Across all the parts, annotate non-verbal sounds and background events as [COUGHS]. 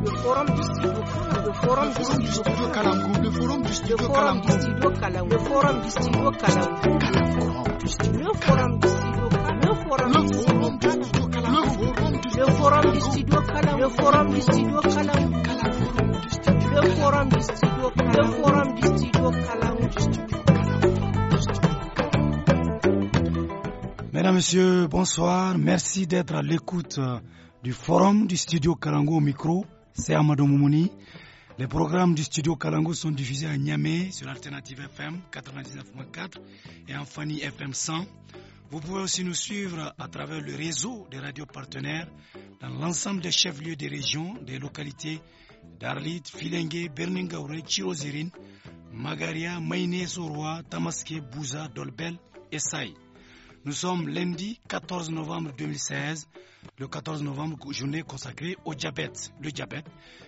le forum du studio le forum du studio le forum du studio le forum du studio le forum du studio le forum du studio le forum du studio le forum du studio le forum du studio le du studio Mesdames, Messieurs, bonsoir. Merci d'être à l'écoute du forum du studio Kalango au micro c'est Amadou Moumouni. Les programmes du studio Kalango sont diffusés à Niamey sur l'alternative FM 99.4 et en Fanny FM 100. Vous pouvez aussi nous suivre à travers le réseau des radios partenaires dans l'ensemble des chefs-lieux des régions, des localités d'Arlit, Filengue, Berningaure, Chirozirine, Magaria, Maïné, Soroa, Tamaské, Bouza, Dolbel et Saï. Nous sommes lundi 14 novembre 2016, le 14 novembre, journée consacrée au diabète. Le diabète,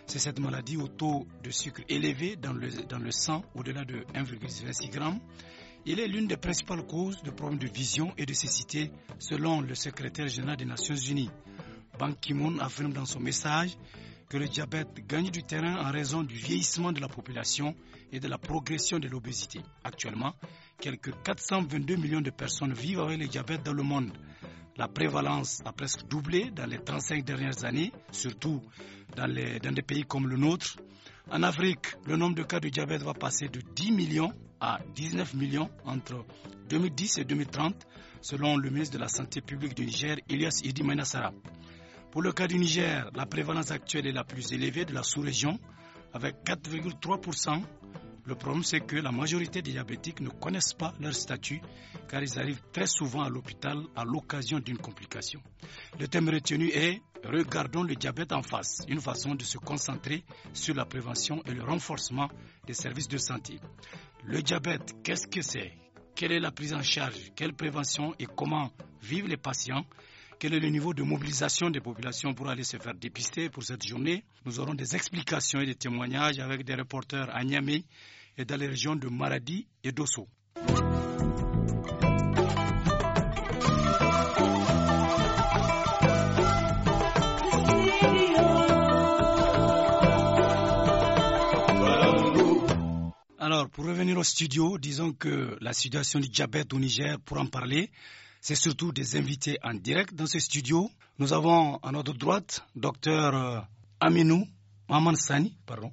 c'est cette maladie au taux de sucre élevé dans le, sang, au-delà de 1,26 g. Il est l'une des principales causes de problèmes de vision et de cécité, selon le secrétaire général des Nations Unies. Ban Ki-moon affirme dans son message que le diabète gagne du terrain en raison du vieillissement de la population et de la progression de l'obésité. Actuellement, quelques 422 millions de personnes vivent avec le diabète dans le monde. La prévalence a presque doublé dans les 35 dernières années, surtout dans, des pays comme le nôtre. En Afrique, le nombre de cas de diabète va passer de 10 millions à 19 millions entre 2010 et 2030, selon le ministre de la Santé publique du Niger, Elias Idi Manassara. Pour le cas du Niger, la prévalence actuelle est la plus élevée de la sous-région, avec 4,3%. Le problème, c'est que la majorité des diabétiques ne connaissent pas leur statut, car ils arrivent très souvent à l'hôpital à l'occasion d'une complication. Le thème retenu est Regardons le diabète en face, une façon de se concentrer sur la prévention et le renforcement des services de santé. Le diabète, qu'est-ce que c'est Quelle est la prise en charge Quelle prévention et comment vivent les patients quel est le niveau de mobilisation des populations pour aller se faire dépister pour cette journée. Nous aurons des explications et des témoignages avec des reporters à Niamey et dans les régions de Maradi et d'Osso. Alors, pour revenir au studio, disons que la situation du diabète au Niger, pour en parler, c'est surtout des invités en direct dans ce studio. Nous avons à notre droite docteur euh, Aminou Maman Sani, pardon.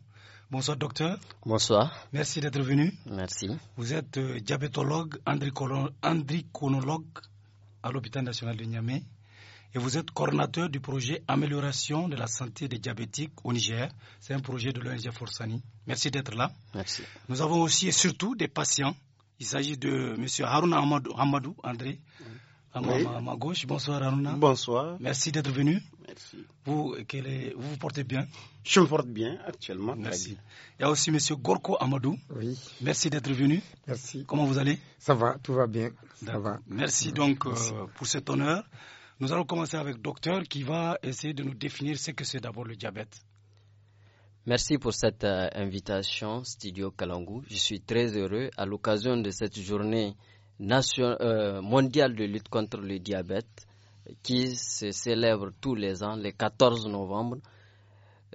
Bonsoir docteur. Bonsoir. Merci d'être venu. Merci. Vous êtes euh, diabétologue, andriconologue à l'hôpital national de Niamey et vous êtes coordinateur du projet Amélioration de la santé des diabétiques au Niger. C'est un projet de l'ONG Forsani. Merci d'être là. Merci. Nous avons aussi et surtout des patients il s'agit de M. Haruna Hamadou, André, à ma, gauche. Bonsoir Haruna. Bonsoir. Merci d'être venu. Merci. Vous, vous, portez bien Je me porte bien actuellement. Merci. Il y a aussi M. Gorko Amadou. Oui. Merci d'être venu. Merci. Comment vous allez Ça va, tout va bien. Ça va. Merci donc euh, pour cet honneur. Nous allons commencer avec le docteur qui va essayer de nous définir ce que c'est d'abord le diabète. Merci pour cette euh, invitation, Studio Kalangu. Je suis très heureux à l'occasion de cette journée euh, mondiale de lutte contre le diabète qui se célèbre tous les ans, le 14 novembre,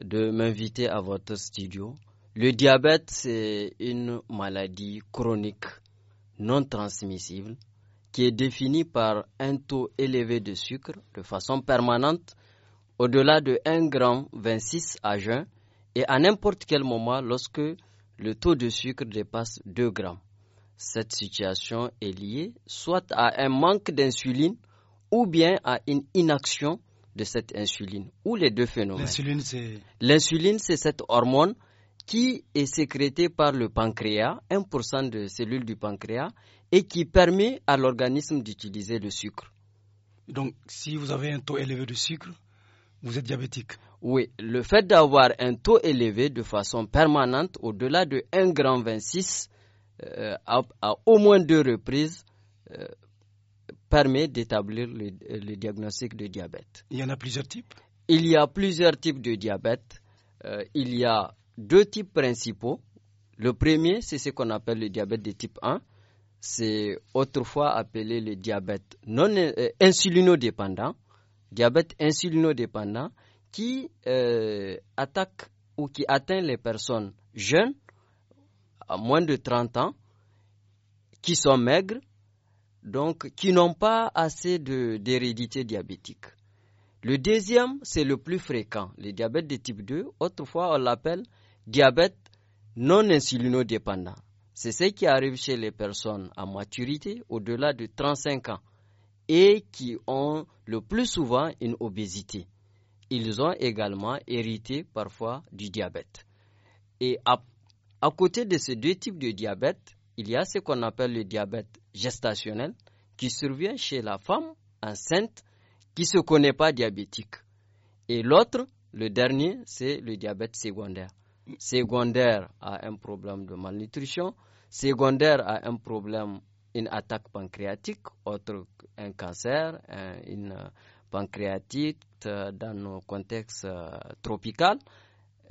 de m'inviter à votre studio. Le diabète, c'est une maladie chronique non transmissible qui est définie par un taux élevé de sucre de façon permanente au-delà de 1 g 26 à jeun et à n'importe quel moment lorsque le taux de sucre dépasse 2 grammes. Cette situation est liée soit à un manque d'insuline ou bien à une inaction de cette insuline, ou les deux phénomènes. L'insuline, c'est cette hormone qui est sécrétée par le pancréas, 1% de cellules du pancréas, et qui permet à l'organisme d'utiliser le sucre. Donc, si vous avez un taux élevé de sucre, vous êtes diabétique. Oui, le fait d'avoir un taux élevé de façon permanente au-delà de 1,26 grand 26 euh, à, au moins deux reprises euh, permet d'établir le, diagnostic de diabète. Il y en a plusieurs types Il y a plusieurs types de diabète. Euh, il y a deux types principaux. Le premier, c'est ce qu'on appelle le diabète de type 1. C'est autrefois appelé le diabète non insulinodépendant. Diabète insulinodépendant qui euh, attaque ou qui atteint les personnes jeunes, à moins de 30 ans, qui sont maigres, donc qui n'ont pas assez d'hérédité diabétique. Le deuxième, c'est le plus fréquent, le diabète de type 2. Autrefois, on l'appelle diabète non insulinodépendant. C'est ce qui arrive chez les personnes à maturité au-delà de 35 ans et qui ont le plus souvent une obésité ils ont également hérité parfois du diabète. Et à, côté de ces deux types de diabète, il y a ce qu'on appelle le diabète gestationnel qui survient chez la femme enceinte qui ne se connaît pas diabétique. Et l'autre, le dernier, c'est le diabète secondaire. Secondaire à un problème de malnutrition, secondaire à un problème, une attaque pancréatique, autre un cancer, une, pancréatite euh, dans nos contextes euh, tropicaux,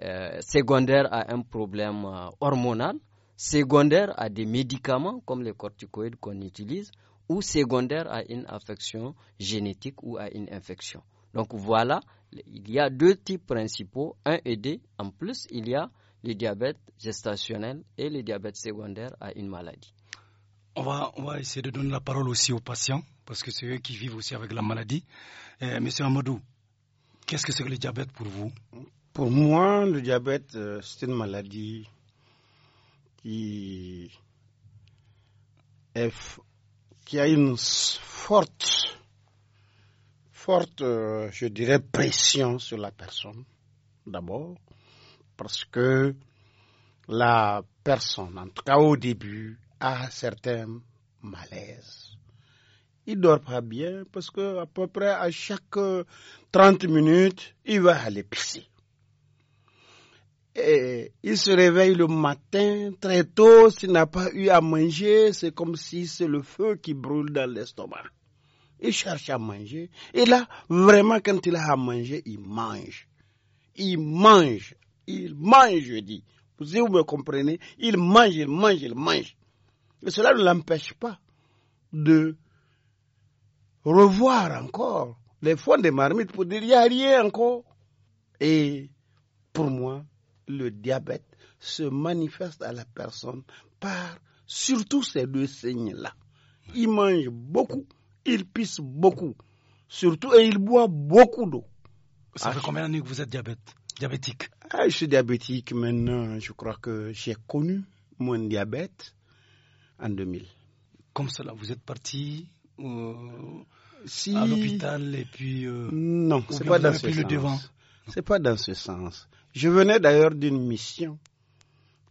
euh, secondaire à un problème hormonal, secondaire à des médicaments comme les corticoïdes qu'on utilise, ou secondaire à une affection génétique ou à une infection. Donc voilà, il y a deux types principaux, un et deux. En plus, il y a le diabète gestationnel et le diabète secondaire à une maladie. On va, essayer de donner la parole aussi aux patients, parce que c'est eux qui vivent aussi avec la maladie. Eh, monsieur Amadou, qu'est-ce que c'est que le diabète pour vous Pour moi, le diabète, euh, c'est une maladie qui, est, qui a une forte, forte, euh, je dirais, pression sur la personne, d'abord, parce que la personne, en tout cas au début, a certains malaises. Il dort pas bien parce que à peu près à chaque 30 euh, minutes, il va aller pisser. Et il se réveille le matin très tôt, s'il n'a pas eu à manger, c'est comme si c'est le feu qui brûle dans l'estomac. Il cherche à manger. Et là, vraiment, quand il a à manger, il mange. Il mange. Il mange, je dis. Si vous me comprenez, il mange, il mange, il mange. Mais cela ne l'empêche pas de revoir encore les fonds des marmites pour dire il n'y a rien encore. Et pour moi, le diabète se manifeste à la personne par surtout ces deux signes-là. Il mange beaucoup, il pisse beaucoup, surtout, et il boit beaucoup d'eau. Ça fait combien d'années que vous êtes diabète, diabétique ah, Je suis diabétique maintenant, je crois que j'ai connu mon diabète en 2000. Comme cela, vous êtes parti euh, si... à l'hôpital et puis... Euh, non, c'est pas dans ce sens. C'est pas dans ce sens. Je venais d'ailleurs d'une mission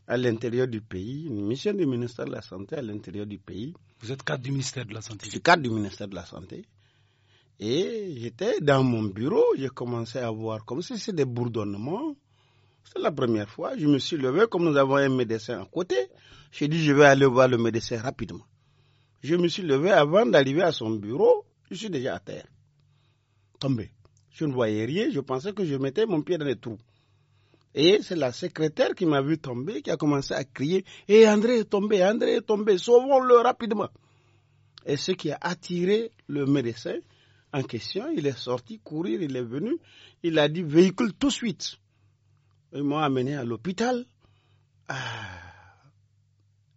à l'intérieur du pays, une mission du ministère de la Santé à l'intérieur du pays. Vous êtes cadre du ministère de la Santé Je suis cadre du ministère de la Santé. Et j'étais dans mon bureau, j'ai commencé à voir comme si c'était des bourdonnements. C'est la première fois. Je me suis levé, comme nous avons un médecin à côté. J'ai dit, je vais aller voir le médecin rapidement. Je me suis levé avant d'arriver à son bureau. Je suis déjà à terre. Tombé. Je ne voyais rien. Je pensais que je mettais mon pied dans les trous. Et c'est la secrétaire qui m'a vu tomber, qui a commencé à crier Et eh, André est tombé, André est tombé, sauvons-le rapidement. Et ce qui a attiré le médecin en question, il est sorti courir, il est venu, il a dit Véhicule tout de suite. Ils m'ont amené à l'hôpital. Ah,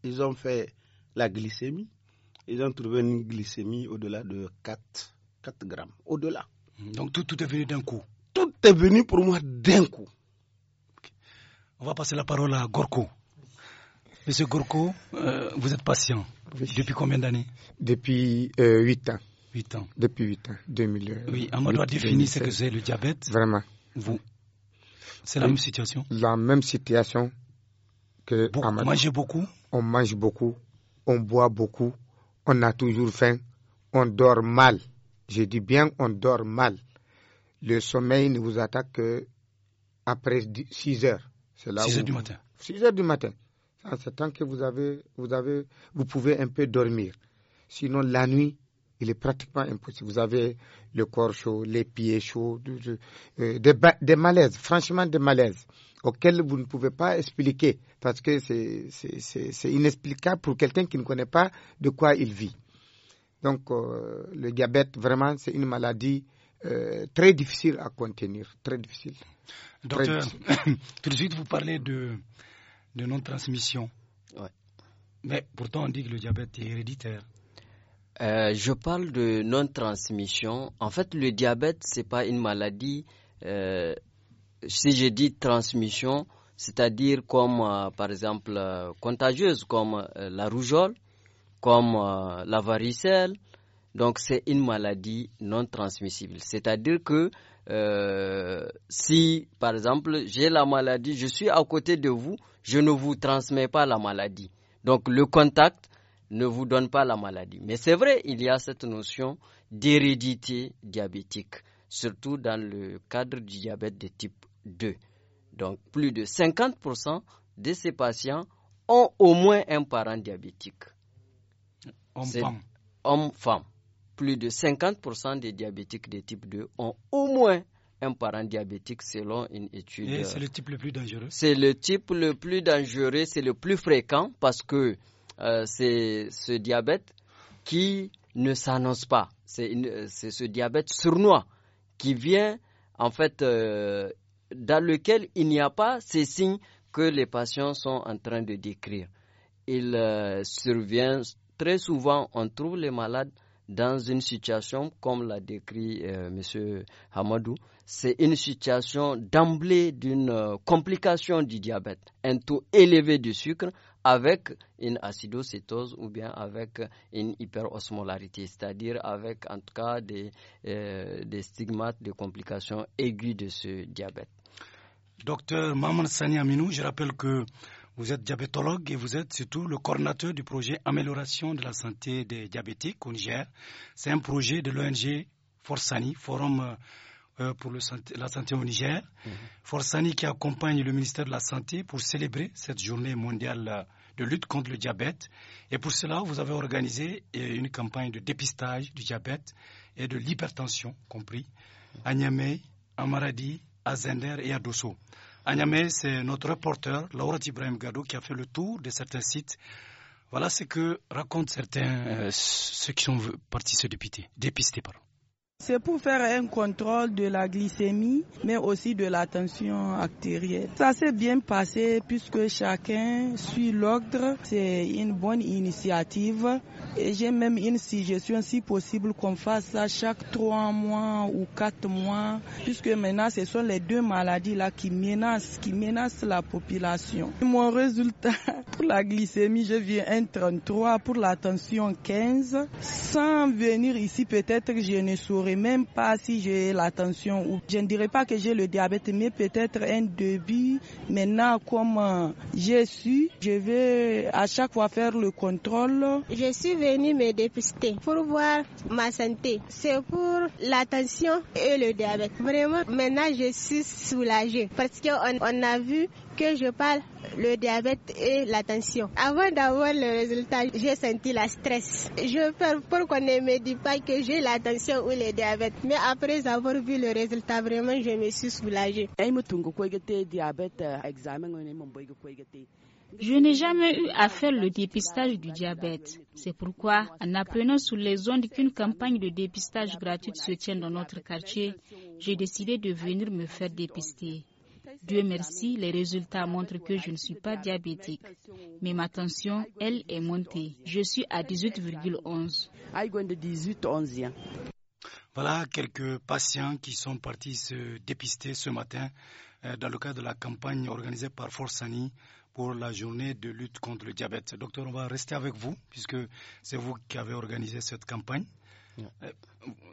ils ont fait la glycémie. Ils ont trouvé une glycémie au-delà de 4, 4 grammes. Au-delà. Donc tout, est venu d'un coup. Tout est venu pour moi d'un coup. On va passer la parole à Gorko. Monsieur Gorko, euh, vous êtes patient. Depuis combien d'années Depuis 8 euh, ans. 8 ans. Depuis 8 ans, 2000. Euh, oui, mot doit définir ce que c'est le diabète. Vraiment. Vous, c'est la hein? même situation La même situation que manger On beaucoup On mange beaucoup, on boit beaucoup, on a toujours faim, on dort mal. Je dis bien, on dort mal. Le sommeil ne vous attaque que après 6 heures. 6 heures du matin. 6 heures du matin. C'est temps que vous avez, vous avez, vous pouvez un peu dormir. Sinon, la nuit, il est pratiquement impossible. Vous avez le corps chaud, les pieds chauds, euh, des, malaises, franchement des malaises auxquels vous ne pouvez pas expliquer parce que c'est inexplicable pour quelqu'un qui ne connaît pas de quoi il vit. Donc euh, le diabète, vraiment, c'est une maladie euh, très difficile à contenir, très difficile. Docteur, [COUGHS] tout de suite, vous parlez de, non-transmission. Ouais. Mais pourtant, on dit que le diabète est héréditaire. Euh, je parle de non-transmission. En fait, le diabète, ce n'est pas une maladie. Euh, si je dis transmission, c'est-à-dire comme, euh, par exemple, contagieuse, comme la rougeole, comme la varicelle. Donc, c'est une maladie non transmissible. C'est-à-dire que si, par exemple, j'ai la maladie, je suis à côté de vous, je ne vous transmets pas la maladie. Donc, le contact, ne vous donne pas la maladie. Mais c'est vrai, il y a cette notion d'hérédité diabétique, surtout dans le cadre du diabète de type 2. Donc plus de 50% de ces patients ont au moins un parent diabétique. Homme-femme. femme Plus de 50% des diabétiques de type 2 ont au moins un parent diabétique selon une étude. Et c'est le type le plus dangereux C'est le type le plus dangereux, c'est le plus fréquent parce que euh, c'est ce diabète qui ne s'annonce pas. C'est euh, ce diabète sournois qui vient, en fait, euh, dans lequel il n'y a pas ces signes que les patients sont en train de décrire. Il survient très souvent, on trouve les malades dans une situation comme l'a décrit M. Hamadou. C'est une situation d'emblée d'une complication du diabète, un taux élevé du sucre avec une acidocétose ou bien avec une hyperosmolarité, c'est-à-dire avec en tout cas euh, des, stigmates, des complications aiguës de ce diabète. Docteur Maman Sani Aminou, je rappelle que vous êtes diabétologue et vous êtes surtout le coordinateur du projet Amélioration de la santé des diabétiques au Niger. C'est un projet de l'ONG Forsani, Forum euh, euh, pour la santé au Niger. Force mhm. Forsani qui accompagne le ministère de la Santé pour célébrer cette journée mondiale euh, de lutte contre le diabète. Et pour cela, vous avez organisé euh, une campagne de dépistage du diabète et de l'hypertension, compris, à Niamey, à Maradi, à Zender et à Dosso. À Niamey, c'est notre reporter, Laura Ibrahim Gado, qui a fait le tour de certains sites. Voilà ce que racontent certains, ceux qui sont partis se dépister. dépister pardon. C'est pour faire un contrôle de la glycémie, mais aussi de la tension artérielle. Ça s'est bien passé puisque chacun suit l'ordre. C'est une bonne initiative. Et j'ai même une suggestion, si possible, qu'on fasse ça chaque trois mois ou quatre mois, puisque maintenant ce sont les deux maladies-là qui menacent, qui menacent la population. Mon résultat [LAUGHS] pour la glycémie, je viens un 1,33, pour l'attention, tension 15. Sans venir ici, peut-être que je ne saurais même pas si j'ai l'attention ou je ne dirais pas que j'ai le diabète, mais peut-être un début. Maintenant, comme je suis, je vais à chaque fois faire le contrôle. Je suis venue me dépister pour voir ma santé. C'est pour l'attention et le diabète. Vraiment, maintenant, je suis soulagée parce qu'on on a vu que je parle le diabète et l'attention Avant d'avoir le résultat, j'ai senti la stress. Je peur pour qu'on ne me dise pas que j'ai l'attention ou le diabète. Mais après avoir vu le résultat, vraiment, je me suis soulagée. Euh, je n'ai jamais eu à faire le dépistage du diabète. C'est pourquoi, en apprenant sous les ondes qu'une campagne de dépistage gratuite se tient dans notre quartier, j'ai décidé de venir me faire dépister. Dieu merci, les résultats montrent que je ne suis pas diabétique. Mais ma tension, elle, est montée. Je suis à 18,11. Voilà quelques patients qui sont partis se dépister ce matin euh, dans le cadre de la campagne organisée par Force Ani pour la journée de lutte contre le diabète. Docteur, on va rester avec vous puisque c'est vous qui avez organisé cette campagne. Euh,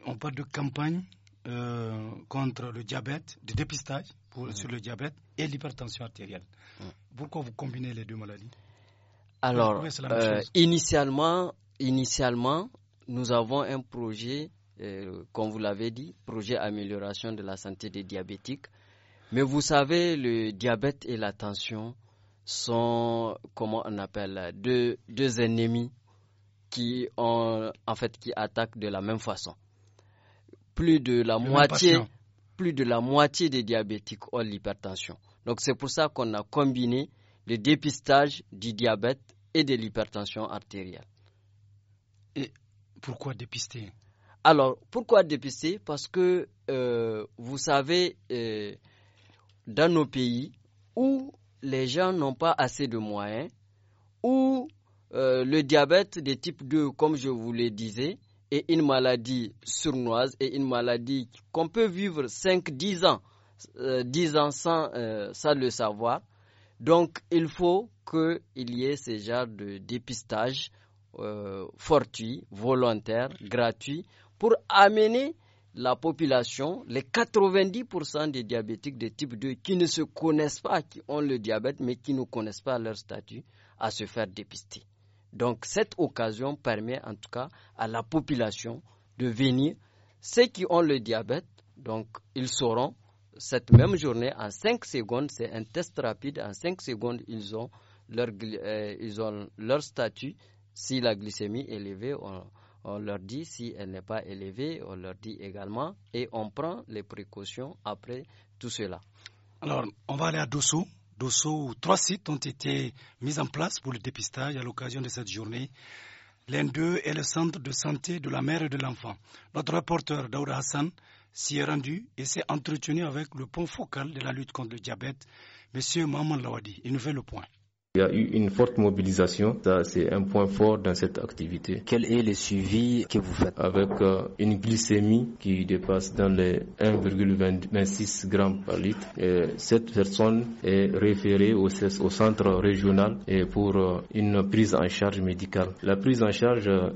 on parle de campagne euh, contre le diabète, de dépistage mm. sur le diabète et l'hypertension artérielle. Mm. Pourquoi vous combinez les deux maladies Alors, initialement, initialement, nous avons un projet euh, comme vous l'avez dit, projet amélioration de la santé des diabétiques. Mais vous savez, le diabète et la tension sont, comment on appelle, deux, deux ennemis qui, ont, en fait, qui attaquent de la même façon. Plus de la, moitié, plus de la moitié des diabétiques ont l'hypertension. Donc c'est pour ça qu'on a combiné le dépistage du diabète et de l'hypertension artérielle. Et pourquoi dépister alors, pourquoi dépister Parce que, euh, vous savez, euh, dans nos pays où les gens n'ont pas assez de moyens, où euh, le diabète de type 2, comme je vous le disais, est une maladie sournoise et une maladie qu'on peut vivre 5-10 ans, 10 ans sans, le savoir. Donc, il faut qu'il y ait ce genre de dépistage fortuit, volontaire, gratuit, pour amener la population, les 90% des diabétiques de type 2 qui ne se connaissent pas, qui ont le diabète, mais qui ne connaissent pas leur statut, à se faire dépister. Donc cette occasion permet en tout cas à la population de venir. Ceux qui ont le diabète, donc ils sauront cette même journée en 5 secondes, c'est un test rapide, en 5 secondes ils ont leur, euh, ils ont leur statut. Si la glycémie est élevée, on, on leur dit si elle n'est pas élevée, on leur dit également, et on prend les précautions après tout cela. Alors, on va aller à Dosso. Dosso, trois sites ont été mis en place pour le dépistage à l'occasion de cette journée. L'un d'eux est le centre de santé de la mère et de l'enfant. Notre rapporteur Daoud Hassan s'y est rendu et s'est entretenu avec le pont focal de la lutte contre le diabète, M. Maman Lawadi. Il nous fait le point. Il y a eu une forte mobilisation, c'est un point fort dans cette activité. Quel est le suivi que vous faites Avec euh, une glycémie qui dépasse dans les 1,26 grammes par litre. cette personne est référée au, e centre régional et pour euh, une prise en charge médicale. La prise en charge, euh,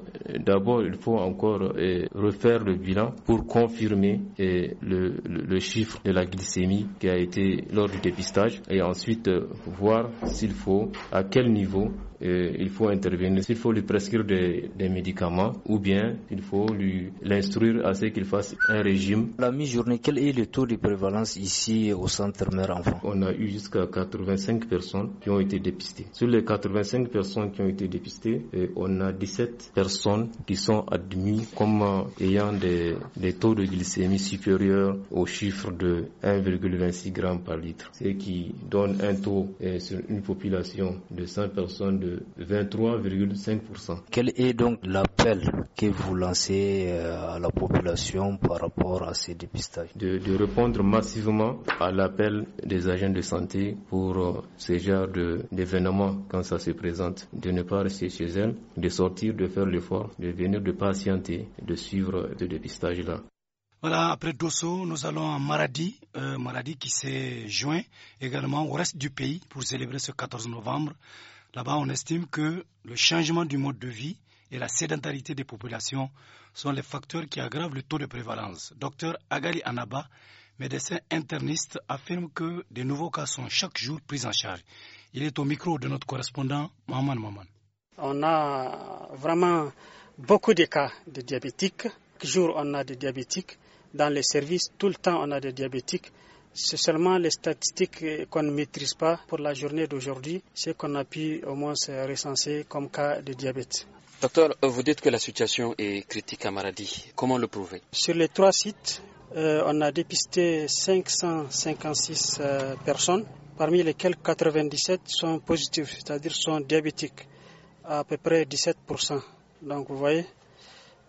d'abord il faut encore refaire le bilan pour confirmer le, chiffre de la glycémie qui a été lors du dépistage et ensuite voir s'il faut à quel niveau il faut intervenir. S'il faut lui prescrire des, des, médicaments ou bien il faut lui l'instruire à ce qu'il fasse un régime. La mi-journée, quel est le taux de prévalence ici au centre mère-enfant On a eu jusqu'à 85 personnes qui ont été dépistées. Sur les 85 personnes qui ont été dépistées, eh, on a 17 personnes qui sont admises comme ayant des, des taux de glycémie supérieurs au chiffre de 1,26 g par litre, ce qui donne un taux eh, sur une population de 100 personnes 23,5%. Quel est donc l'appel que vous lancez euh, à la population par rapport à ces dépistages de, répondre massivement à l'appel des agents de santé pour euh, ces genres d'événements quand ça se présente, de ne pas rester chez elles, de sortir, de faire l'effort, de venir, de patienter, de suivre ce dépistage-là. Voilà, après Dosso, nous allons à Maradi, maladie euh, Maradi qui s'est joint également au reste du pays pour célébrer ce 14 novembre. Là-bas, on estime que le changement du mode de vie et la sédentarité des populations sont les facteurs qui aggravent le taux de prévalence. Docteur Agali Anaba, médecin interniste, affirme que de nouveaux cas sont chaque jour pris en charge. Il est au micro de notre correspondant Maman Maman. On a vraiment beaucoup de cas de diabétiques. Chaque jour, on a des diabétiques. Dans les services, tout le temps, on a des diabétiques. C'est seulement les statistiques qu'on ne maîtrise pas pour la journée d'aujourd'hui, c'est qu'on a pu au moins recenser comme cas de diabète. Docteur, euh, vous dites que la situation est critique à Maradi. Comment le prouver Sur les trois sites, euh, on a dépisté 556 euh, personnes, parmi lesquelles 97 sont positives, c'est-à-dire sont diabétiques, à peu près 17%. Donc vous voyez,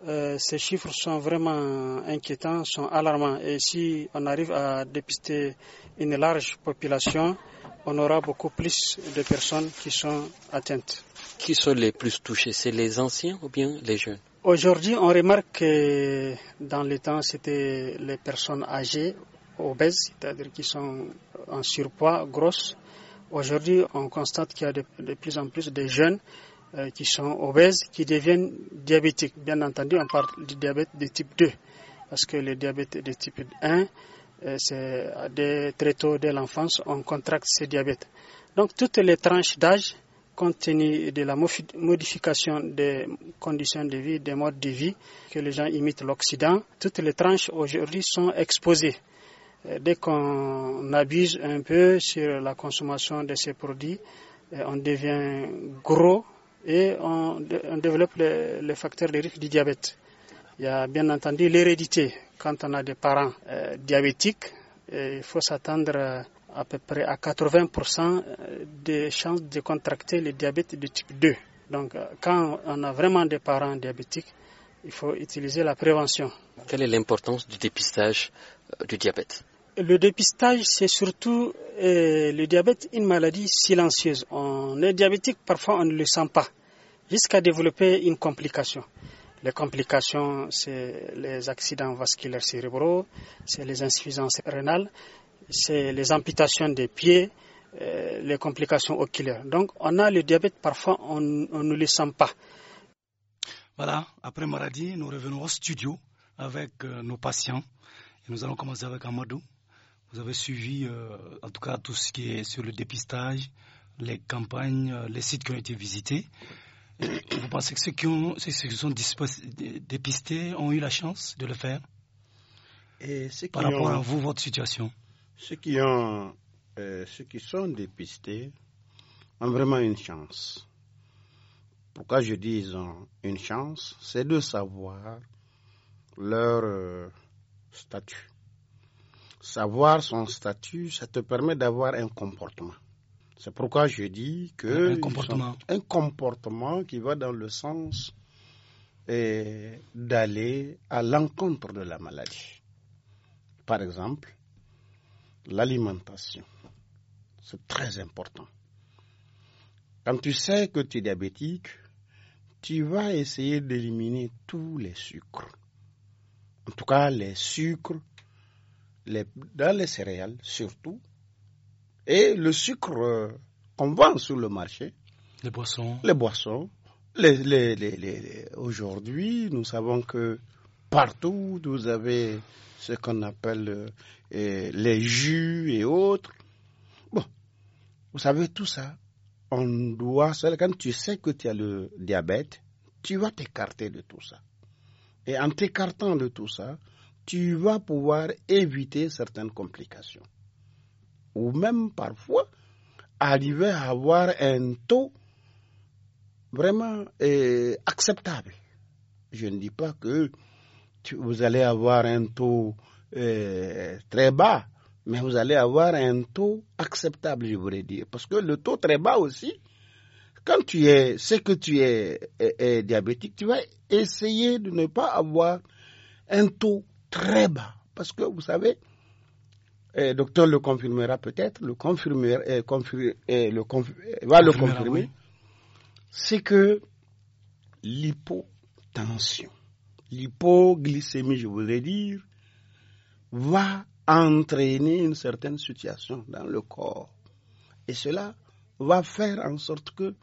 euh, ces chiffres sont vraiment inquiétants, sont alarmants. Et si on arrive à dépister une large population, on aura beaucoup plus de personnes qui sont atteintes. Qui sont les plus touchés C'est les anciens ou bien les jeunes Aujourd'hui, on remarque que dans les temps, c'était les personnes âgées, obèses, c'est-à-dire qui sont en surpoids, grosses. Aujourd'hui, on constate qu'il y a de, plus en plus de jeunes euh, qui sont obèses, qui deviennent diabétiques. Bien entendu, on parle du diabète de type 2, parce que le diabète de type 1, euh, c'est très tôt dès l'enfance, on contracte ce diabète. Donc toutes les tranches d'âge, compte tenu de la modification des conditions de vie, des modes de vie, que les gens imitent l'Occident, toutes les tranches aujourd'hui sont exposées. Euh, dès qu'on abuse un peu sur la consommation de ces produits, on devient gros, et on, développe les, facteurs de risque du diabète. Il y a bien entendu l'hérédité. Quand on a des parents euh, diabétiques, euh, il faut s'attendre euh, à peu près à 80% des chances de contracter le diabète de type 2. Donc quand on a vraiment des parents diabétiques, il faut utiliser la prévention. Quelle est l'importance du dépistage du diabète le dépistage, c'est surtout euh, le diabète, une maladie silencieuse. On est diabétique, parfois on ne le sent pas, jusqu'à développer une complication. Les complications, c'est les accidents vasculaires cérébraux, c'est les insuffisances rénales, c'est les amputations des pieds, euh, les complications oculaires. Donc, on a le diabète, parfois on, ne le sent pas. Voilà, après maladie, nous revenons au studio avec euh, nos patients. nous allons commencer avec Amadou. Vous avez suivi, euh, en tout cas, tout ce qui est sur le dépistage, les campagnes, euh, les sites qui ont été visités. Vous pensez que ceux qui, ont, ceux qui sont dépistés ont eu la chance de le faire Et qui Par rapport à vous, votre situation Ceux qui, ont, euh, ceux qui sont dépistés ont vraiment une chance. Pourquoi je dis une chance C'est de savoir leur statut savoir son statut, ça te permet d'avoir un comportement. C'est pourquoi je dis que. Un comportement. Un comportement qui va dans le sens eh, d'aller à l'encontre de la maladie. Par exemple, l'alimentation. C'est très important. Quand tu sais que tu es diabétique, tu vas essayer d'éliminer tous les sucres. En tout cas, les sucres les, dans les céréales surtout, et le sucre euh, qu'on vend sur le marché. Les boissons. Les boissons. Les, les, Aujourd'hui, nous savons que partout, vous avez ce qu'on appelle euh, les jus et autres. Bon, vous savez tout ça. On doit, quand tu sais que tu as le diabète, tu vas t'écarter de tout ça. Et en t'écartant de tout ça, tu vas pouvoir éviter certaines complications. Ou même parfois arriver à avoir un taux vraiment eh, acceptable. Je ne dis pas que vous allez avoir un taux eh, très bas, mais vous allez avoir un taux acceptable, je voudrais dire. Parce que le taux très bas aussi, quand tu es, c'est que tu es, eh, diabétique, tu vas essayer de ne pas avoir un taux très bas. Parce que vous savez, le eh, docteur le confirmera peut-être, le, confirmer, eh, eh, le va le confirmer, c'est que l'hypotension, l'hypoglycémie, je voudrais dire, va entraîner une certaine situation dans le corps. Et cela va faire en sorte que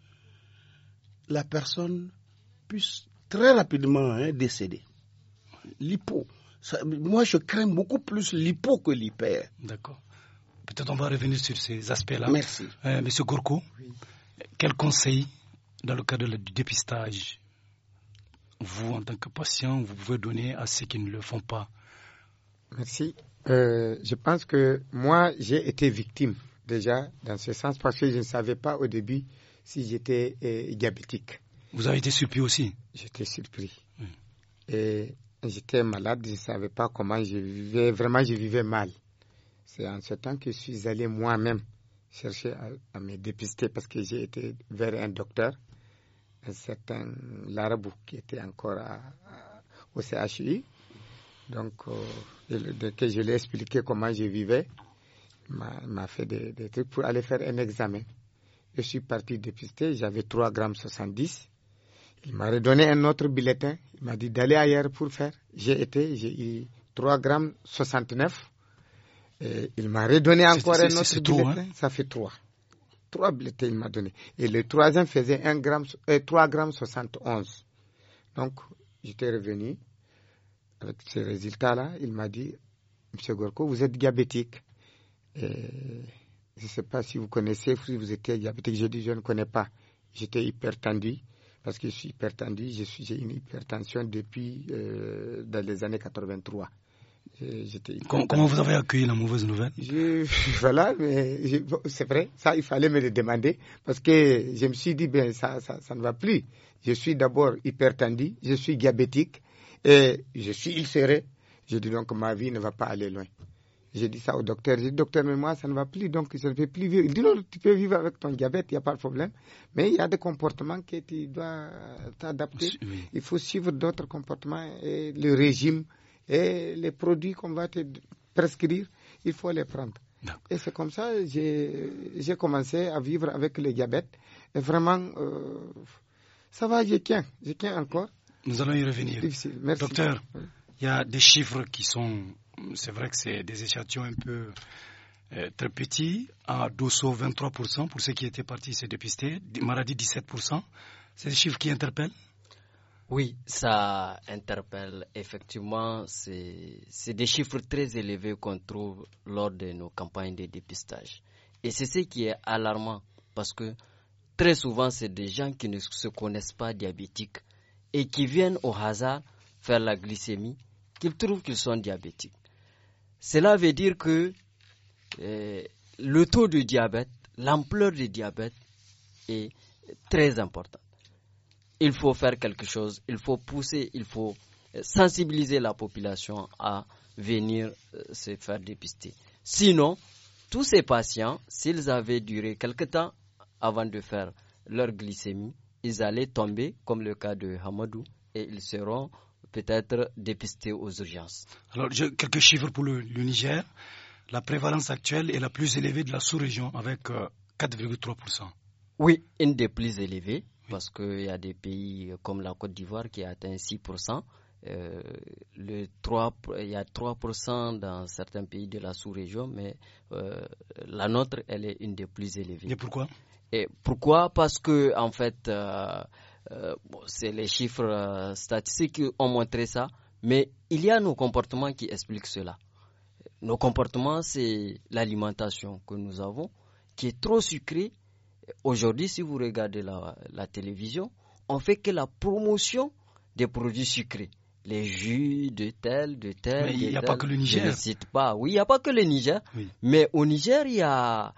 la personne puisse très rapidement hein, décéder. L'hypo, moi, je crains beaucoup plus l'hypo que l'hyper. D'accord. Peut-être on va revenir sur ces aspects-là. Merci. Euh, Monsieur Gourcou, quel conseil, dans le cadre du dépistage, vous, en tant que patient, vous pouvez donner à ceux qui ne le font pas Merci. Euh, je pense que moi, j'ai été victime déjà dans ce sens parce que je ne savais pas au début si j'étais euh, diabétique. Vous avez été surpris aussi J'étais surpris. Et j'étais malade, je ne savais pas comment je vivais. Vraiment, je vivais mal. C'est en ce temps que je suis allé moi-même chercher à, me dépister parce que j'ai été vers un docteur, un certain Larabou, qui était encore au CHI. Donc, euh, que je lui ai expliqué comment je vivais, il m'a fait des, des, trucs pour aller faire un examen. Je suis parti dépister, j'avais 3,70 grammes il m'a redonné un autre bulletin. Il m'a dit d'aller ailleurs pour faire. J'ai été, j'ai eu 3 grammes 69. neuf. il m'a redonné encore un autre hein. bulletin. Ça fait 3. 3 bulletins il m'a donné. Et le troisième faisait 1 gramme, 3 euh, grammes 71. Donc, j'étais revenu avec ces résultats-là. Il m'a dit, Monsieur Gorko, vous êtes diabétique. je ne sais pas si vous connaissez, si vous étiez diabétique. J'ai dit, je ne connais pas. J'étais hyper tendu parce que je suis hypertendu, je j'ai une hypertension depuis euh, dans les années 83. Euh, comment, comment, vous avez accueilli la mauvaise nouvelle [LAUGHS] Voilà, c'est vrai, ça il fallait me le demander parce que je me suis dit, ben ça, ça, ne va plus. Je suis d'abord hypertendu, je suis diabétique et je suis ulcéré. Je dis donc ma vie ne va pas aller loin. J'ai dit ça au docteur. J'ai dit, docteur, mais moi, ça ne va plus, donc je ne peux plus vivre. Il dit, non, tu peux vivre avec ton diabète, il n'y a pas de problème. Mais il y a des comportements que tu dois t'adapter. Il faut suivre d'autres comportements et le régime et les produits qu'on va te prescrire, il faut les prendre. Et c'est comme ça j'ai commencé à vivre avec le diabète. Et vraiment, euh, ça va, je tiens, je tiens encore. Nous allons y revenir. Merci. Docteur, il y a des chiffres qui sont c'est vrai que c'est des échantillons un peu euh, très petits. À Dosso, 23%, pour ceux qui étaient partis se dépister. maladie 17%. C'est des chiffres qui interpellent oui, ça interpelle effectivement. C'est des chiffres très élevés qu'on trouve lors de nos campagnes de dépistage. Et c'est ce qui est alarmant parce que très souvent, c'est des gens qui ne se connaissent pas diabétiques et qui viennent au hasard faire la glycémie qu'ils trouvent qu'ils sont diabétiques. Cela veut dire que eh, le taux de diabète, l'ampleur du diabète est très importante. Il faut faire quelque chose, il faut pousser, il faut eh, sensibiliser la population à venir eh, se faire dépister. Sinon, tous ces patients, s'ils avaient duré quelque temps avant de faire leur glycémie, ils allaient tomber, comme le cas de Hamadou, et ils seront peut-être dépister aux urgences Alors, quelques chiffres pour le, Niger. La prévalence actuelle est la plus élevée de la sous-région avec 4,3%. Euh, oui, une des plus élevées, parce qu'il y a des pays euh, comme la Côte d'Ivoire qui atteint 6%. Euh, le 3, il y a 3% dans certains pays de la sous-région, mais la nôtre, elle est une des plus élevées. Et pourquoi Et Pourquoi Parce que, en fait, euh, c'est les chiffres euh, statistiques qui ont montré ça, mais il y a nos comportements qui expliquent cela. Nos comportements, c'est l'alimentation que nous avons, qui est trop sucrée. Aujourd'hui, si vous regardez la, télévision, on fait que la promotion des produits sucrés. Les jus de tel, de tel. Mais il n'y a pas que le Niger. Je ne cite pas. Oui, il n'y a pas que le Niger. Mais au Niger, il y a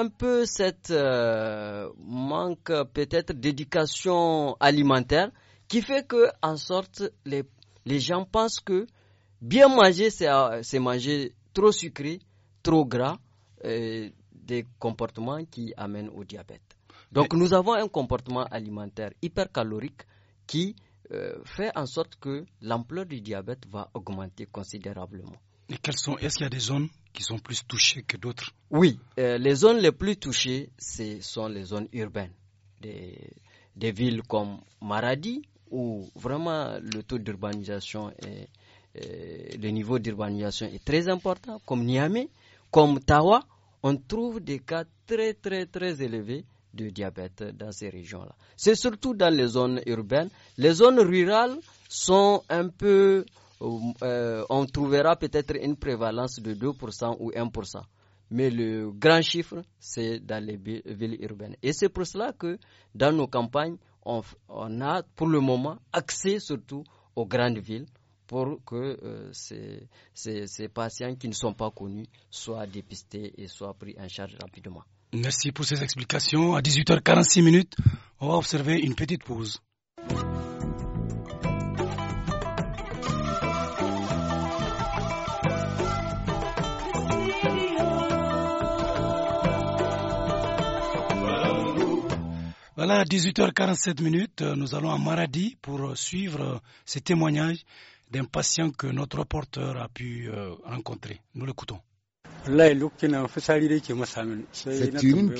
un peu cette euh, manque peut-être d'éducation alimentaire qui fait que en sorte les, gens pensent que bien manger c'est euh, manger trop sucré, trop gras, euh, des comportements qui amènent au diabète. Donc nous avons un comportement alimentaire hypercalorique qui fait en sorte que l'ampleur du diabète va augmenter considérablement quelles sont, est-ce qu'il y a des zones qui sont plus touchées que d'autres Oui, euh, les zones les plus touchées, ce sont les zones urbaines, des, des villes comme Maradi, où vraiment le taux d'urbanisation et euh, le niveau d'urbanisation est très important, comme Niamey, comme Tawa, on trouve des cas très très très élevés de diabète dans ces régions-là. C'est surtout dans les zones urbaines. Les zones rurales sont un peu euh, euh, on trouvera peut-être une prévalence de 2% ou 1%. Mais le grand chiffre, c'est dans les villes urbaines. Et c'est pour cela que dans nos campagnes, on, a pour le moment accès surtout aux grandes villes pour que euh, ces, patients qui ne sont pas connus soient dépistés et soient pris en charge rapidement. Merci pour ces explications. À 18h46 minutes, on va observer une petite pause. Voilà, à 18h47 minutes, euh, nous allons à Maradi pour euh, suivre euh, ces témoignages d'un patient que notre reporter a pu rencontrer. Nous l'écoutons. C'est une qui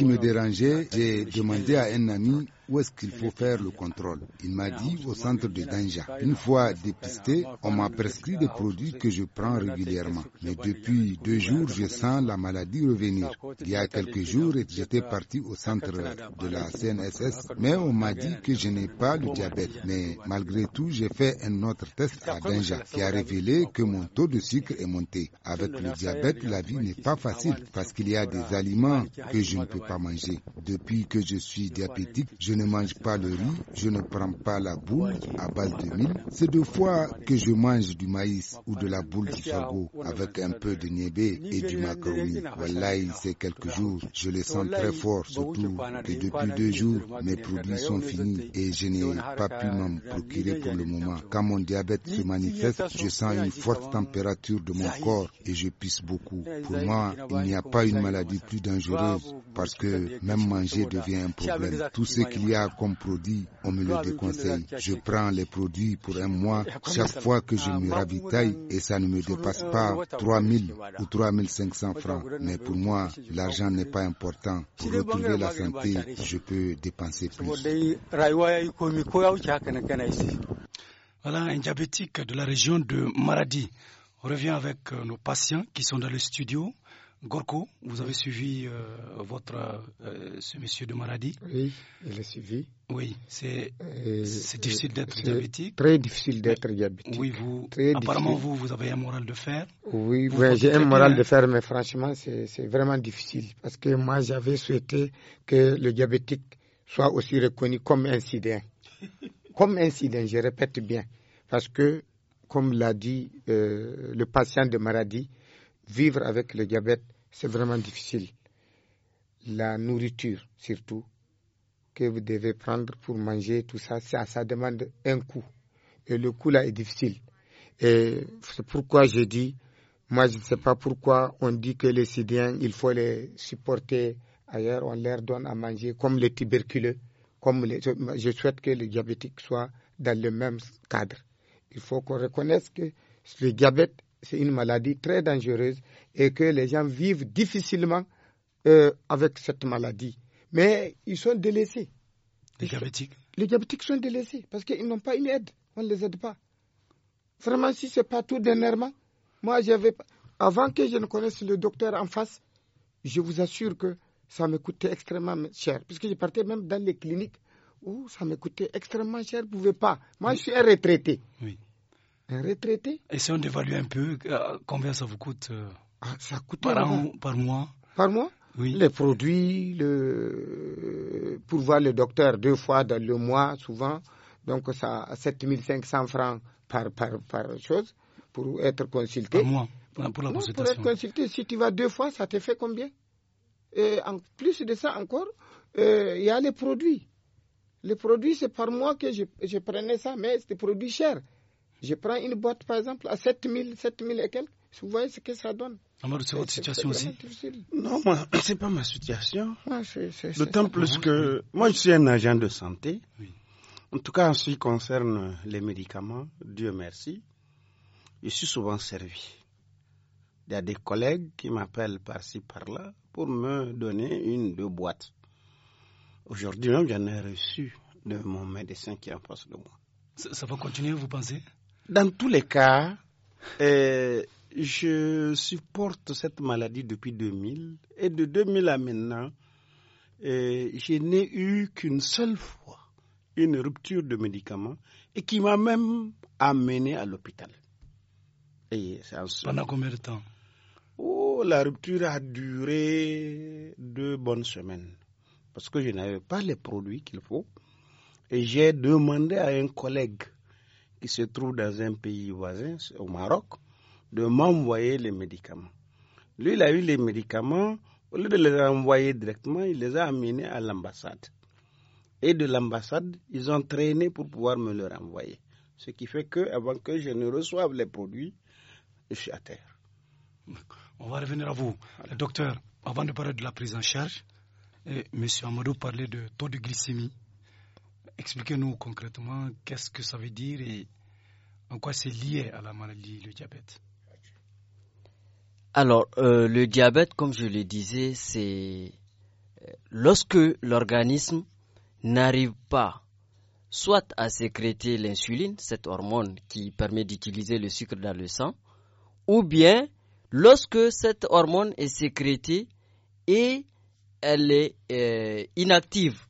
me dérangeait, ah, j'ai demandé à un ami où est-ce qu'il faut faire le contrôle. Il m'a dit au centre de Danja. Une fois dépisté, on m'a prescrit des produits que je prends régulièrement. Mais depuis deux jours, je sens la maladie revenir. Il y a quelques jours, j'étais parti au centre de la CNSS, mais on m'a dit que je n'ai pas le diabète. Mais malgré tout, j'ai fait un autre test à Danja qui a révélé que mon taux de sucre est monté. Avec le diabète, la vie n'est pas facile parce qu'il y a des aliments que je ne peux pas manger. Depuis que je suis diabétique, je je ne mange pas le riz, je ne prends pas la boule à base de mil. C'est deux fois que je mange du maïs ou de la boule du sago, avec un peu de niébé et du macaroni. il s'est quelques jours. Je les sens très fort, surtout que depuis deux jours, mes produits sont finis et je n'ai pas pu m'en procurer pour le moment. Quand mon diabète se manifeste, je sens une forte température de mon corps et je pisse beaucoup. Pour moi, il n'y a pas une maladie plus dangereuse parce que même manger devient un problème. Tout ce qui y a comme produit, on me le déconseille. Je prends les produits pour un mois chaque fois que je ah, me ravitaille et ça ne me dépasse euh, pas 3000 ou 3500 francs. Mais pour moi, l'argent n'est pas important. Pour retrouver la santé, je peux dépenser plus. Voilà un diabétique de la région de Maradi. On revient avec euh, nos patients qui sont dans le studio. Gorko, vous avez suivi euh, votre euh, ce monsieur de Maradi. Oui, il l'ai suivi. Oui, c'est difficile d'être diabétique. Très difficile d'être diabétique. Oui, vous. apparemment, vous vous avez un moral de fer. Oui, j'ai un moral de fer, mais franchement, c'est vraiment difficile parce que moi, j'avais souhaité que le diabétique soit aussi reconnu comme un incident. [LAUGHS] comme incident, je répète bien, parce que comme l'a dit euh, le patient de Maradi, vivre avec le diabète c'est vraiment difficile. La nourriture, surtout, que vous devez prendre pour manger, tout ça, ça, ça demande un coup. Et le coup, là est difficile. Et c'est pourquoi je dis, moi je ne sais pas pourquoi on dit que les sidiens, il faut les supporter ailleurs, on leur donne à manger comme les tuberculeux. Comme les, je souhaite que les diabétiques soient dans le même cadre. Il faut qu'on reconnaisse que le diabète c'est une maladie très dangereuse et que les gens vivent difficilement euh, avec cette maladie. Mais ils sont délaissés. Les diabétiques Les diabétiques sont délaissés parce qu'ils n'ont pas une aide. On ne les aide pas. Vraiment, si ce n'est pas tout dernièrement, moi, j'avais. Avant que je ne connaisse le docteur en face, je vous assure que ça me coûtait extrêmement cher. Puisque je partais même dans les cliniques où ça me coûtait extrêmement cher, je ne pouvais pas. Moi, je suis un retraité. Oui. Un retraité on dévalue un peu euh, combien ça vous coûte, euh, ah, ça coûte par, an, par mois. Par mois oui. Les produits, pour voir le docteur deux fois dans le mois, souvent, donc ça à 7500 francs par, par, par chose pour être consulté. Par mois, pour, la Pour être consulté, si tu vas deux fois, ça te fait combien Et en plus de ça encore, euh, il y a les produits. Les produits, c'est par mois que je, je prenais ça, mais c'était produits chers. Je prends une boîte, par exemple, à 7000, 7000 et quelques. Vous voyez ce que ça donne. Alors, c'est votre situation aussi Non, moi, ce [COUGHS] n'est pas ma situation. D'autant plus que moi, je suis un agent de santé. En tout cas, en ce qui concerne les médicaments, Dieu merci, je suis souvent servi. Il y a des collègues qui m'appellent par-ci, par-là pour me donner une, deux boîtes. Aujourd'hui même, j'en ai reçu de mon médecin qui est en face de moi. ça va continuer, vous pensez dans tous les cas, euh, je supporte cette maladie depuis 2000 et de 2000 à maintenant, euh, je n'ai eu qu'une seule fois une rupture de médicaments et qui m'a même amené à l'hôpital. Pendant combien de temps oh, la rupture a duré deux bonnes semaines parce que je n'avais pas les produits qu'il faut et j'ai demandé à un collègue qui se trouve dans un pays voisin, au Maroc, de m'envoyer les médicaments. Lui, il a eu les médicaments, au lieu de les envoyer directement, il les a amenés à l'ambassade. Et de l'ambassade, ils ont traîné pour pouvoir me les renvoyer. Ce qui fait que, avant que je ne reçoive les produits, je suis à terre. On va revenir à vous. Docteur, avant de parler de la prise en charge, eh, M. Amadou parlait de taux de glycémie expliquez-nous concrètement qu'est-ce que ça veut dire et en quoi c'est lié à la maladie, le diabète. Alors, euh, le diabète, comme je le disais, c'est euh, lorsque l'organisme n'arrive pas soit à sécréter l'insuline, cette hormone qui permet d'utiliser le sucre dans le sang, ou bien lorsque cette hormone est sécrétée et elle est euh, inactive,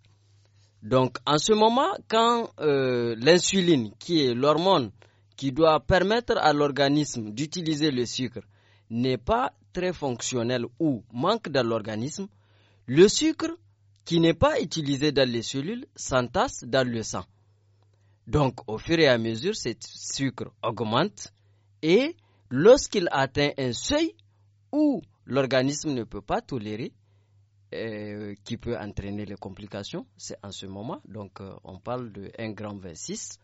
donc en ce moment, quand euh, l'insuline, qui est l'hormone qui doit permettre à l'organisme d'utiliser le sucre, n'est pas très fonctionnelle ou manque dans l'organisme, le sucre qui n'est pas utilisé dans les cellules s'entasse dans le sang. Donc au fur et à mesure, ce sucre augmente et lorsqu'il atteint un seuil où l'organisme ne peut pas tolérer, euh, qui peut entraîner les complications. C'est en ce moment, donc euh, on parle de 1 gramme 26.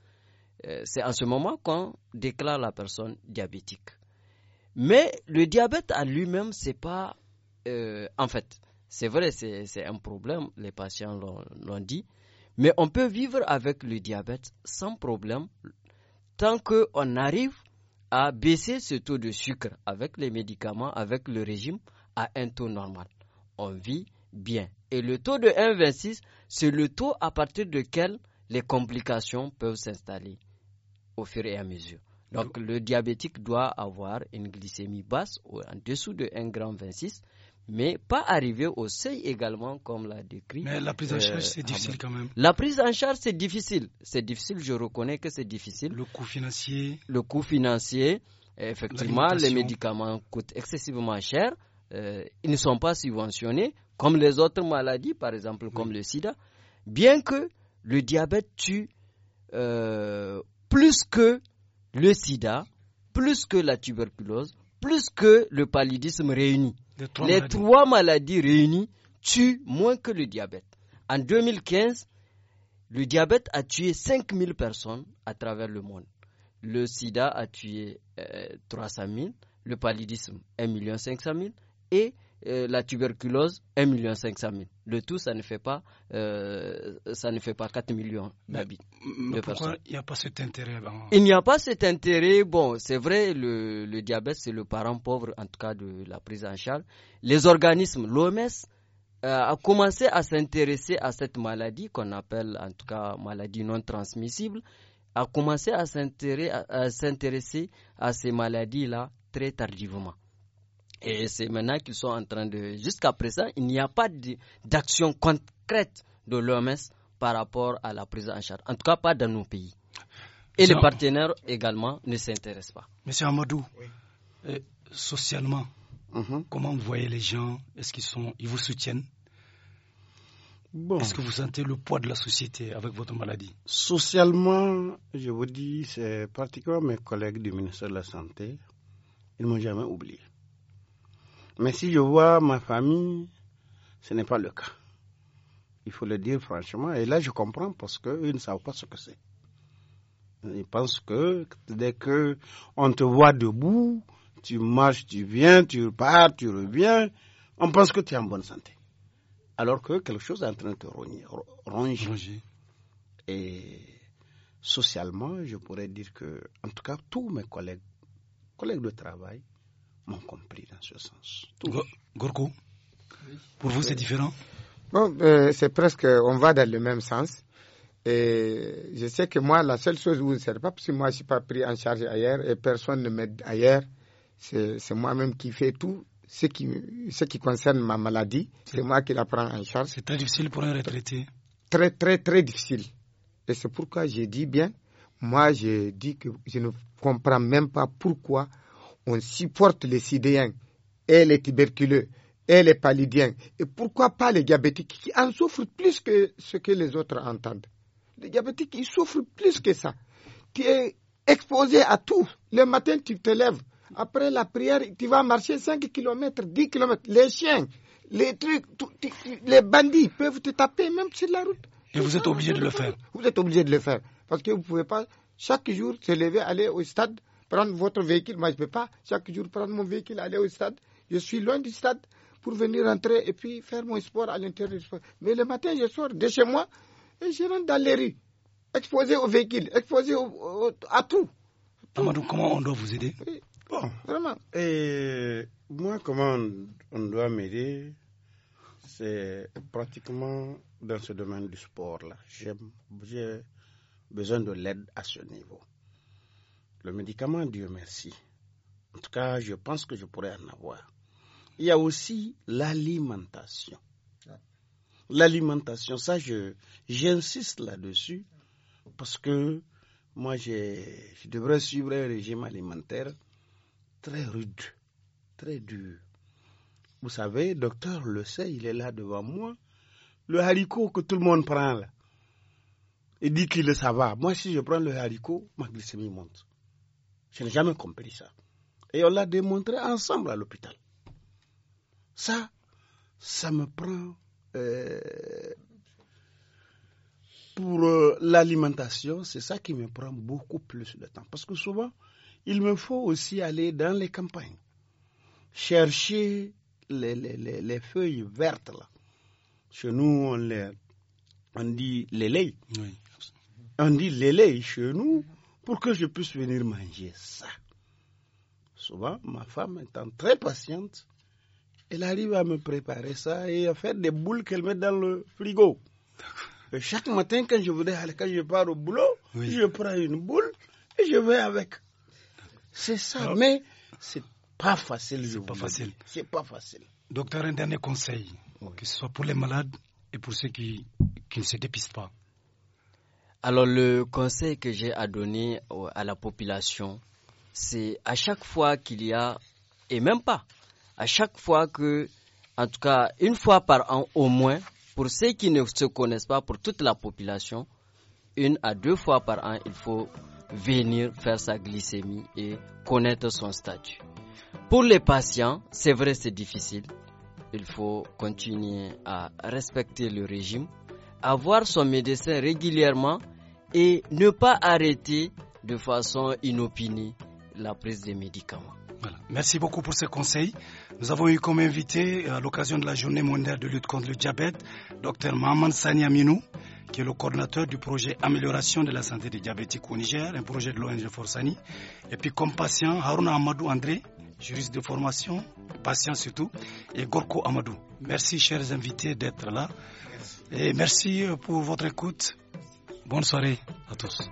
c'est en ce moment qu'on déclare la personne diabétique. Mais le diabète à lui-même, c'est pas. Euh, en fait, c'est vrai, c'est un problème, les patients l'ont dit. Mais on peut vivre avec le diabète sans problème tant qu'on arrive à baisser ce taux de sucre avec les médicaments, avec le régime, à un taux normal. On vit bien. Et le taux de 1,26, c'est le taux à partir duquel les complications peuvent s'installer au fur et à mesure. Donc le diabétique doit avoir une glycémie basse en dessous de 1,26 mais pas arriver au seuil également comme l'a décrit. Mais la prise en charge, euh, c'est difficile quand même. La prise en charge, c'est difficile. C'est difficile, je reconnais que c'est difficile. Le coût financier. Le coût financier. Effectivement, les médicaments coûtent excessivement cher. Euh, ils ne sont pas subventionnés comme les autres maladies, par exemple, comme le sida, bien que le diabète tue euh, plus que le sida, plus que la tuberculose, plus que le paludisme réuni. Les, trois, maladies. réunies tuent moins que le diabète. En 2015, le diabète a tué 5000 personnes à travers le monde. Le sida a tué 300 euh, 000, le paludisme 1 500 000 et euh, la tuberculose, 1 million 500 Le tout, ça ne fait pas, euh, ça ne fait pas 4 millions d'habitants. Pourquoi il n'y a pas cet intérêt Il n'y a pas cet intérêt. Bon, c'est vrai, le, diabète, c'est le parent pauvre, en tout cas, de la prise en charge. Les organismes, l'OMS, euh, a commencé à s'intéresser à cette maladie qu'on appelle en tout cas maladie non transmissible, a commencé à s'intéresser à ces maladies-là très tardivement. Et c'est maintenant qu'ils sont en train de... Jusqu'à présent, il n'y a pas d'action concrète de l'OMS par rapport à la prise en charge. En tout cas, pas dans nos pays. Et les partenaires également ne s'intéressent pas. Monsieur Amadou, euh, socialement, mhm. comment vous voyez les gens Est-ce qu'ils sont, ils vous soutiennent Est-ce que vous sentez le poids de la société avec votre maladie Socialement, je vous dis, c'est particulièrement mes collègues du ministère de la Santé. Ils ne m'ont jamais oublié. Mais si je vois ma famille, ce n'est pas le cas. Il faut le dire franchement. Et là, je comprends parce qu'ils ne savent pas ce que c'est. Ils pensent que dès qu'on te voit debout, tu marches, tu viens, tu pars, tu reviens, on pense que tu es en bonne santé. Alors que quelque chose est en train de te ronger. ronger. Et socialement, je pourrais dire que, en tout cas, tous mes collègues, collègues de travail, compris dans ce sens. Go pour vous, c'est différent Bon, euh, c'est presque, on va dans le même sens. Et je sais que moi, la seule chose où vous ne sert pas, parce que moi, je ne suis pas pris en charge ailleurs et personne ne m'aide ailleurs, c'est moi-même qui fais tout. Ce qui, ce qui concerne ma maladie, c'est moi qui la prends en charge. C'est très difficile pour un retraité. Très, très, très difficile. Et c'est pourquoi j'ai dit bien, moi, j'ai dit que je ne comprends même pas pourquoi on supporte les sidéens et les tuberculeux et les palidiens, et pourquoi pas les diabétiques qui en souffrent plus que ce que les autres entendent. Les diabétiques, ils souffrent plus que ça. Tu es exposé à tout. Le matin, tu te lèves. Après la prière, tu vas marcher 5 km, 10 km. Les chiens, les trucs, les bandits peuvent te taper même sur la route. Et vous êtes obligé de le faire. Vous êtes obligé de le faire. Parce que vous ne pouvez pas chaque jour se lever, aller au stade, prendre votre véhicule. Moi, je ne peux pas chaque jour prendre mon véhicule, aller au stade. Je suis loin du stade pour venir rentrer et puis faire mon sport à l'intérieur du sport. Mais le matin, je sors de chez moi et je rentre dans les rues, exposé au véhicule, exposé à tout. comment on doit vous aider vraiment. Et moi, comment on doit m'aider C'est pratiquement dans ce domaine du sport-là. J'ai besoin de l'aide à ce niveau. Le médicament, Dieu merci. En tout cas, je pense que je pourrais en avoir. Il y a aussi l'alimentation. L'alimentation, ça, je, j'insiste là-dessus parce que moi, je, devrais suivre un régime alimentaire très rude, très dur. Vous savez, docteur le sait, il est là devant moi. Le haricot que tout le monde prend là, il dit qu'il le ça va. Moi, si je prends le haricot, ma glycémie monte. Je n'ai jamais compris ça. Et on l'a démontré ensemble à l'hôpital. Ça, ça me prend euh, pour euh, l'alimentation, c'est ça qui me prend beaucoup plus de temps. Parce que souvent, il me faut aussi aller dans les campagnes, chercher les, feuilles vertes. Là. Chez nous, on, les, on dit les On dit les chez nous pour que je puisse venir manger ça. Souvent, ma femme étant très patiente, elle arrive à me préparer ça et à faire des boules qu'elle met dans le frigo. Et chaque matin, quand je voudrais aller, quand je pars au boulot, je prends une boule et je vais avec. C'est ça, mais mais c'est pas facile. C'est pas facile. C'est pas facile. Docteur, un dernier conseil, que ce soit pour les malades et pour ceux qui, qui ne se dépistent pas. Alors le conseil que j'ai à donner à la population, c'est à chaque fois qu'il y a, et même pas, à chaque fois que, en tout cas une fois par an au moins, pour ceux qui ne se connaissent pas, pour toute la population, une à deux fois par an, il faut venir faire sa glycémie et connaître son statut. Pour les patients, c'est vrai, c'est difficile. Il faut continuer à respecter le régime avoir son médecin régulièrement et ne pas arrêter de façon inopinée la prise des médicaments. Merci beaucoup pour ce conseil. Nous avons eu comme invité, euh, à l'occasion de la journée mondiale de lutte contre le diabète, Dr Maman Sani Aminou, qui est le coordinateur du projet Amélioration de la santé des diabétiques au Niger, un projet de l'ONG Forsani. Et puis comme patient, Haruna Amadou André, juriste de formation, patient surtout, et Gorko Amadou. Merci chers invités d'être là. Et merci pour votre écoute. Bonne soirée à tous.